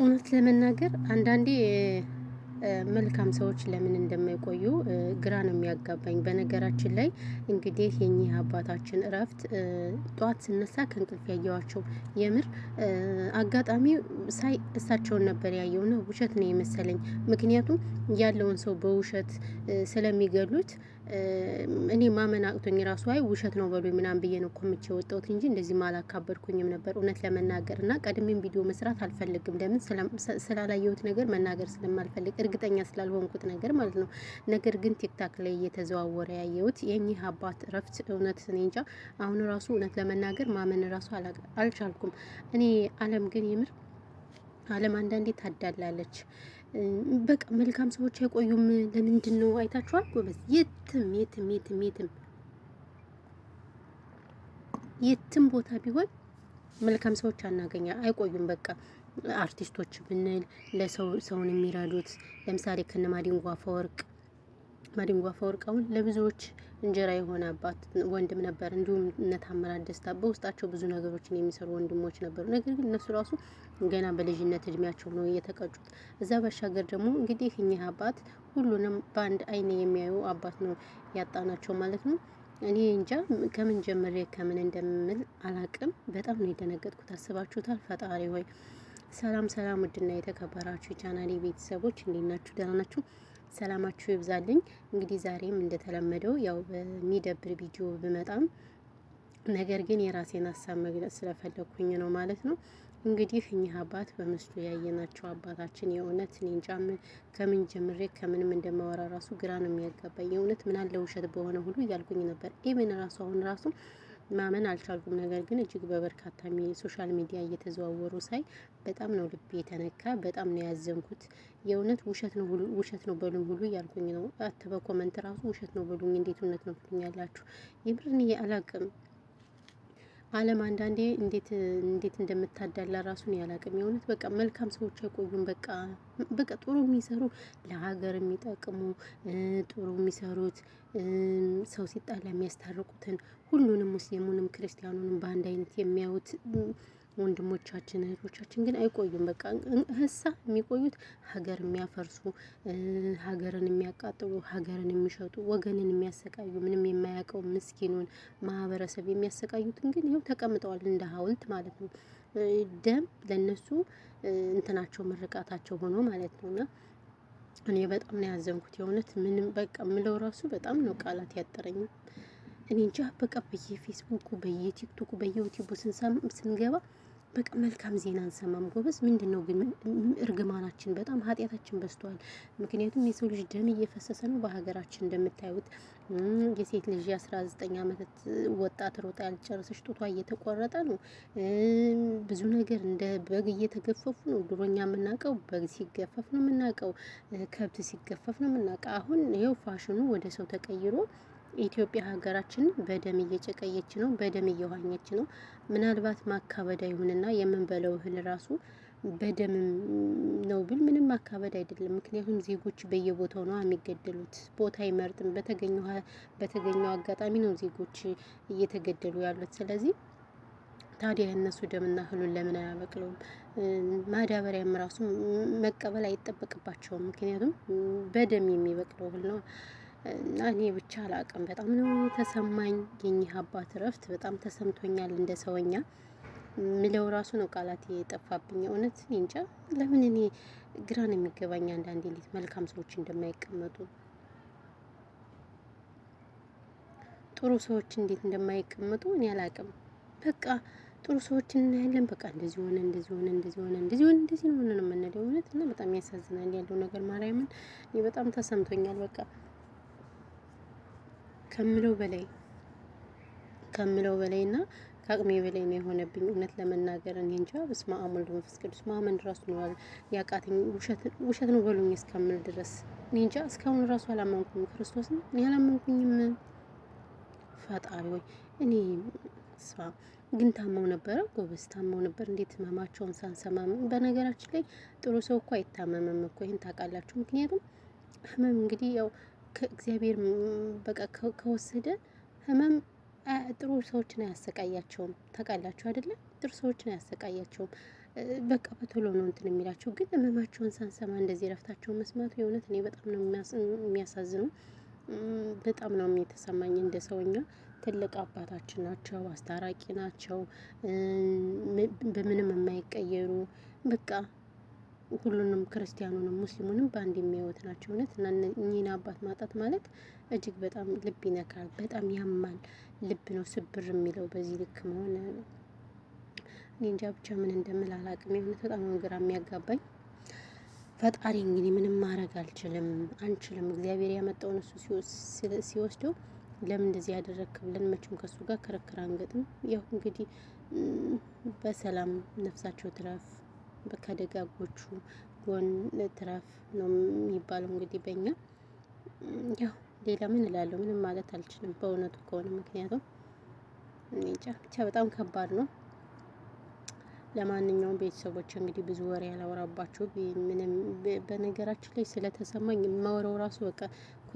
እውነት ለመናገር አንዳንዴ መልካም ሰዎች ለምን እንደማይቆዩ ግራ ነው የሚያጋባኝ። በነገራችን ላይ እንግዲህ የኚህ አባታችን እረፍት ጠዋት ስነሳ ከእንቅልፍ ያየዋቸው የምር አጋጣሚ ሳይ እሳቸውን ነበር ያየው ነው ውሸት ነው የመሰለኝ። ምክንያቱም ያለውን ሰው በውሸት ስለሚገሉት እኔ ማመን አቅቶኝ ራሱ አይ ውሸት ነው በሉ ምናም ብዬ ነው ኮምቼ የወጣሁት እንጂ እንደዚህ ማላካበድኩኝም ነበር እውነት ለመናገር እና ቀድሜም ቪዲዮ መስራት አልፈልግም። ለምን ስላላየሁት ነገር መናገር ስለማልፈልግ እርግጠኛ ስላልሆንኩት ነገር ማለት ነው። ነገር ግን ቲክታክ ላይ እየተዘዋወረ ያየሁት የኚህ አባት እረፍት እውነት እኔ እንጃ። አሁን ራሱ እውነት ለመናገር ማመን ራሱ አልቻልኩም እኔ አለም ግን የምር አለም አንዳንዴ ታዳላለች። በቃ መልካም ሰዎች አይቆዩም። ለምንድን ነው አይታችኋል? ጎበዝ የትም የትም የትም የትም የትም ቦታ ቢሆን መልካም ሰዎች አናገኛ አይቆዩም። በቃ አርቲስቶች ብንል ለሰው ሰውን የሚረዱት ለምሳሌ ከነማዲንጎ አፈወርቅ ማዲንጎ አፈወርቃውን ለብዙዎች እንጀራ የሆነ አባት ወንድም ነበር። እንዲሁም እነ ታምራት ደስታ በውስጣቸው ብዙ ነገሮችን የሚሰሩ ወንድሞች ነበሩ። ነገር ግን እነሱ ራሱ ገና በልጅነት እድሜያቸው ነው እየተቀጩት። እዛ ባሻገር ደግሞ እንግዲህ እኚህ አባት ሁሉንም በአንድ አይን የሚያዩ አባት ነው ያጣናቸው ማለት ነው። እኔ እንጃ ከምን ጀምሬ ከምን እንደምል አላቅም። በጣም ነው የደነገጥኩት። አስባችሁታል? ፈጣሪ ሆይ ሰላም ሰላም! ውድና የተከበራችሁ ቻናሌ ቤተሰቦች እንዴት ናችሁ? ደህና ናችሁ? ሰላማችሁ ይብዛልኝ። እንግዲህ ዛሬም እንደተለመደው ያው በሚደብር ቪዲዮ ብመጣም ነገር ግን የራሴን ሀሳብ መግለጽ ስለፈለኩኝ ነው ማለት ነው። እንግዲህ እኚህ አባት በምስሉ ያየናቸው አባታችን የእውነት እንጃ ከምን ጀምሬ ከምንም እንደማወራ ራሱ ግራ ነው የሚያጋባኝ። የእውነት ምናለ ውሸት በሆነ ሁሉ እያልኩኝ ነበር። ኢቨን ራሱ አሁን ራሱ ማመን አልቻልኩም። ነገር ግን እጅግ በበርካታ ሶሻል ሚዲያ እየተዘዋወሩ ሳይ በጣም ነው ልቤ የተነካ፣ በጣም ነው ያዘንኩት። የእውነት ውሸት ነው ውሸት ነው በሉኝ ሁሉ እያልኩኝ ነው። ኮመንት ራሱ ውሸት ነው በሉኝ እንዴት እውነት ነው ትሉኛላችሁ? የምርን አላቅም አለም አንዳንዴ እንዴት እንዴት እንደምታዳላ ራሱን ያላቅም። የሆነት በቃ መልካም ሰዎች አይቆዩም። በቃ በቃ ጥሩ የሚሰሩ ለሀገር የሚጠቅሙ ጥሩ የሚሰሩት ሰው ሲጣላ የሚያስታርቁትን ሁሉንም ሙስሊሙንም ክርስቲያኑንም በአንድ አይነት የሚያዩት ወንድሞቻችን እህቶቻችን ግን አይቆዩም። በቃ ህሳ የሚቆዩት ሀገር የሚያፈርሱ ሀገርን የሚያቃጥሉ ሀገርን የሚሸጡ ወገንን የሚያሰቃዩ ምንም የማያውቀው ምስኪኑን ማህበረሰብ የሚያሰቃዩትን ግን ይኸው ተቀምጠዋል እንደ ሀውልት ማለት ነው። ደም ለነሱ እንትናቸው ምርቃታቸው ሆኖ ማለት ነው እና እኔ በጣም ነው ያዘንኩት። የእውነት ምንም በቃ ምለው ራሱ በጣም ነው ቃላት ያጠረኝ። እኔ እንጃ በቃ በየፌስቡኩ በየቲክቶኩ ስንሰም ስንገባ በቃ መልካም ዜና አንሰማም ጎበዝ። ምንድን ነው ግን እርግማናችን በጣም ኃጢአታችን በዝቷል። ምክንያቱም የሰው ልጅ ደም እየፈሰሰ ነው በሀገራችን እንደምታዩት። የሴት ልጅ የአስራ ዘጠኝ አመት ወጣት ሮጣ ያልጨረሰች ጡቷ እየተቆረጠ ነው። ብዙ ነገር እንደ በግ እየተገፈፉ ነው። ድሮኛ የምናውቀው በግ ሲገፈፍ ነው የምናውቀው፣ ከብት ሲገፈፍ ነው የምናውቀው። አሁን ይኸው ፋሽኑ ወደ ሰው ተቀይሮ ኢትዮጵያ ሀገራችን በደም እየጨቀየች ነው፣ በደም እየዋኘች ነው። ምናልባት ማካበድ አይሁንና የምንበለው እህል ራሱ በደም ነው ብል ምንም ማካበድ አይደለም። ምክንያቱም ዜጎች በየቦታው ነው የሚገደሉት። ቦታ አይመርጥም። በተገኘው አጋጣሚ ነው ዜጎች እየተገደሉ ያሉት። ስለዚህ ታዲያ የእነሱ ደምና እህሉን ለምን አያበቅለውም? ማዳበሪያም ራሱ መቀበል አይጠበቅባቸውም። ምክንያቱም በደም የሚበቅለው እህል ነው። እና እኔ ብቻ አላቅም፣ በጣም ነው የተሰማኝ። የኚህ አባት እረፍት በጣም ተሰምቶኛል። እንደ ሰውኛ ምለው ራሱ ነው ቃላት የጠፋብኝ። እውነት እንጃ ለምን እኔ ግራን የሚገባኝ አንዳንዴ ሌት መልካም ሰዎች እንደማይቀመጡ ጥሩ ሰዎች እንዴት እንደማይቀመጡ እኔ አላቅም። በቃ ጥሩ ሰዎች እናያለን። በቃ እንደዚህ ሆነ እንደዚህ ሆነ እንደዚህ ሆነ እንደዚህ ሆነ እንደዚህ ሆነ ነው የምንለው እውነት እና በጣም ያሳዝናል ያለው ነገር ማርያምን። እኔ በጣም ተሰምቶኛል በቃ ከምለው በላይ ከምለው በላይ እና ከአቅሜ በላይ ነው የሆነብኝ። እውነት ለመናገር እኔ እንጃ። በስመ አብ ወወልድ ወመንፈስ ቅዱስ ማመን ራሱ ነው ያቃተኝ። ውሸት ነው በሉኝ እስከምል ድረስ እኔ እንጃ። እስካሁን ራሱ አላመንኩኝ ክርስቶስን እኔ አላመንኩኝም። ፈጣሪ ወይ እኔ ስፋ ግን ታመው ነበረ ጎበዝ፣ ታመው ነበር። እንዴት ህመማቸውን ሳንሰማ። በነገራችን ላይ ጥሩ ሰው እኮ አይታመምም እኮ ይህን ታውቃላችሁ። ምክንያቱም ህመም እንግዲህ ያው እግዚአብሔር በቃ ከወሰደ ህመም ጥሩ ሰዎችን አያሰቃያቸውም። ታውቃላችሁ አይደለ? ጥሩ ሰዎችን አያሰቃያቸውም። በቃ በቶሎ ነው እንትን የሚላቸው። ግን ህመማቸውን ሳንሰማ እንደዚህ ረፍታቸውን መስማቱ የእውነት እኔ በጣም ነው የሚያሳዝኑ በጣም ነው የተሰማኝ እንደ ሰውኛ። ትልቅ አባታችን ናቸው፣ አስታራቂ ናቸው፣ በምንም የማይቀየሩ በቃ ሁሉንም ክርስቲያኑንም ሙስሊሙንም በአንድ የሚያዩት ናቸው። እውነት እና እኚህን አባት ማጣት ማለት እጅግ በጣም ልብ ይነካል፣ በጣም ያማል። ልብ ነው ስብር የሚለው በዚህ ልክ መሆን። እኔ እንጃ ብቻ ምን እንደምል አላቅም። የእውነት በጣም ነው ግራ የሚያጋባኝ። ፈጣሪ እንግዲህ ምንም ማድረግ አልችልም አንችልም። እግዚአብሔር ያመጣውን እሱ ሲወስደው ለምን እንደዚህ ያደረግክ ብለን መቼም ከእሱ ጋር ክርክር አንገጥም። ያው እንግዲህ በሰላም ነፍሳቸው ትረፍ። ከደጋጎቹ ጎን ትረፍ ነው የሚባለው እንግዲህ በእኛ ያው ሌላ ምን እላለሁ? ምንም ማለት አልችልም በእውነቱ ከሆነ ምክንያቱም እንጃ ብቻ በጣም ከባድ ነው። ለማንኛውም ቤተሰቦች እንግዲህ ብዙ ወሬ ያላወራባቸው ምንም በነገራችን ላይ ስለተሰማኝ የማወራው ራሱ በቃ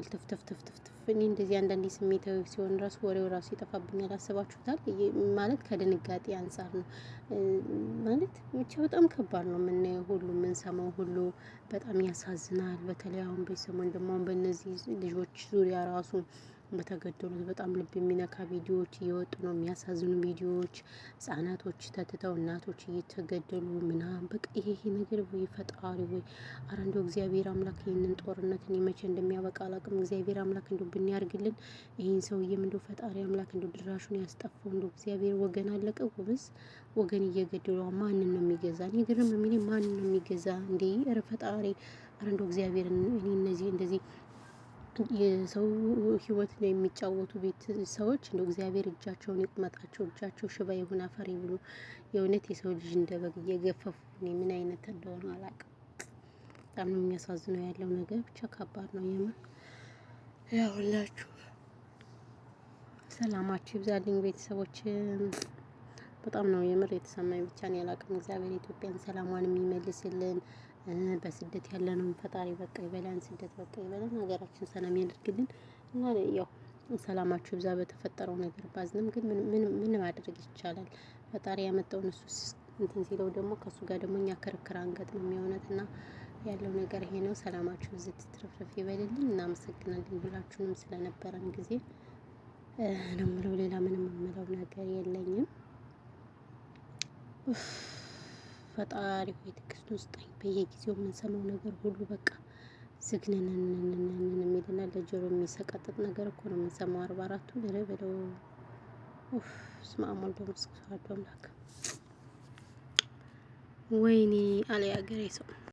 ያክል ትፍትፍ ትፍትፍ እኔ እንደዚህ አንዳንዴ ስሜታዊ ሲሆን ራሱ ወሬው ራሱ ይጠፋብኛል። አስባችሁታል? ማለት ከድንጋጤ አንጻር ነው። ማለት ብቻ በጣም ከባድ ነው የምናየው ሁሉ የምንሰማው ሁሉ በጣም ያሳዝናል። በተለይ አሁን በሰሞን ደግሞ በእነዚህ ልጆች ዙሪያ ራሱ በተገደሉት በጣም ልብ የሚነካ ቪዲዮዎች እየወጡ ነው። የሚያሳዝኑ ቪዲዮዎች፣ ህጻናቶች ተትተው እናቶች እየተገደሉ ምናምን በቃ ይሄ ነገር ወይ ፈጣሪ ወይ አረ እንደው እግዚአብሔር አምላክ ይህንን ጦርነት እኔ መቼ እንደሚያበቃ አላቅም። እግዚአብሔር አምላክ እንደው ብንያርግልን ይህን ሰውዬም እንደው ፈጣሪ አምላክ እንደው ድራሹን ያስጠፋው እንደው እግዚአብሔር። ወገን አለቀ ጎበዝ፣ ወገን እየገደሉ ማንን ነው የሚገዛ? እኔ ግርም የሚለኝ ማንን ነው የሚገዛ እንዴ? ኧረ ፈጣሪ አረ እንደው እግዚአብሔር እኔ እነዚህ እንደዚህ የሰው ህይወት ነው የሚጫወቱ ቤት ሰዎች እንደው እግዚአብሔር እጃቸውን ይቁመጣቸው፣ እጃቸው ሽባ ይሁን አፈር ይብሉ። የእውነት የሰው ልጅ እንደበግ እየገፈፉ ነው። ምን አይነት እንደሆነ አላውቅም። በጣም ነው የሚያሳዝነው ያለው ነገር ብቻ ከባድ ነው የምር። ያው ሰላማችሁ ይብዛልኝ ቤተሰቦች። በጣም ነው የምር የተሰማኝ ብቻ ነው ያላውቅም። እግዚአብሔር ኢትዮጵያን ሰላሟን የሚመልስልን በስደት ያለነውን ፈጣሪ በቃ ይበለን፣ ስደት በቃ ይበለን፣ ሀገራችን ሰላም ያደርግልን እና ያው ሰላማችሁ ብዛ። በተፈጠረው ነገር ባዝንም ግን ምን ማድረግ ይቻላል? ፈጣሪ ያመጣውን እሱ እንትን ሲለው ደግሞ ከእሱ ጋር ደግሞ እኛ ክርክር አንገጥምም። የሚሆነት እና ያለው ነገር ይሄ ነው። ሰላማችሁ ብዝት ትርፍርፍ ይበልልን። እናመሰግናለን ሁላችሁንም ስለነበረን ጊዜ ነው የምለው። ሌላ ምንም የምለው ነገር የለኝም። ፈጣሪ ሆይ ትዕግስቱን ስጠኝ። በየጊዜው የምንሰማው ነገር ሁሉ በቃ ዝግንንንንንን የሚልና ለጆሮ የሚሰቀጥጥ ነገር እኮ ነው የምንሰማው። አርባ አራቱ በላይ በለው ኡፍ ስመ አብ ወወልድ አምላክ። ወይኔ አለ ያገሬ ሰው።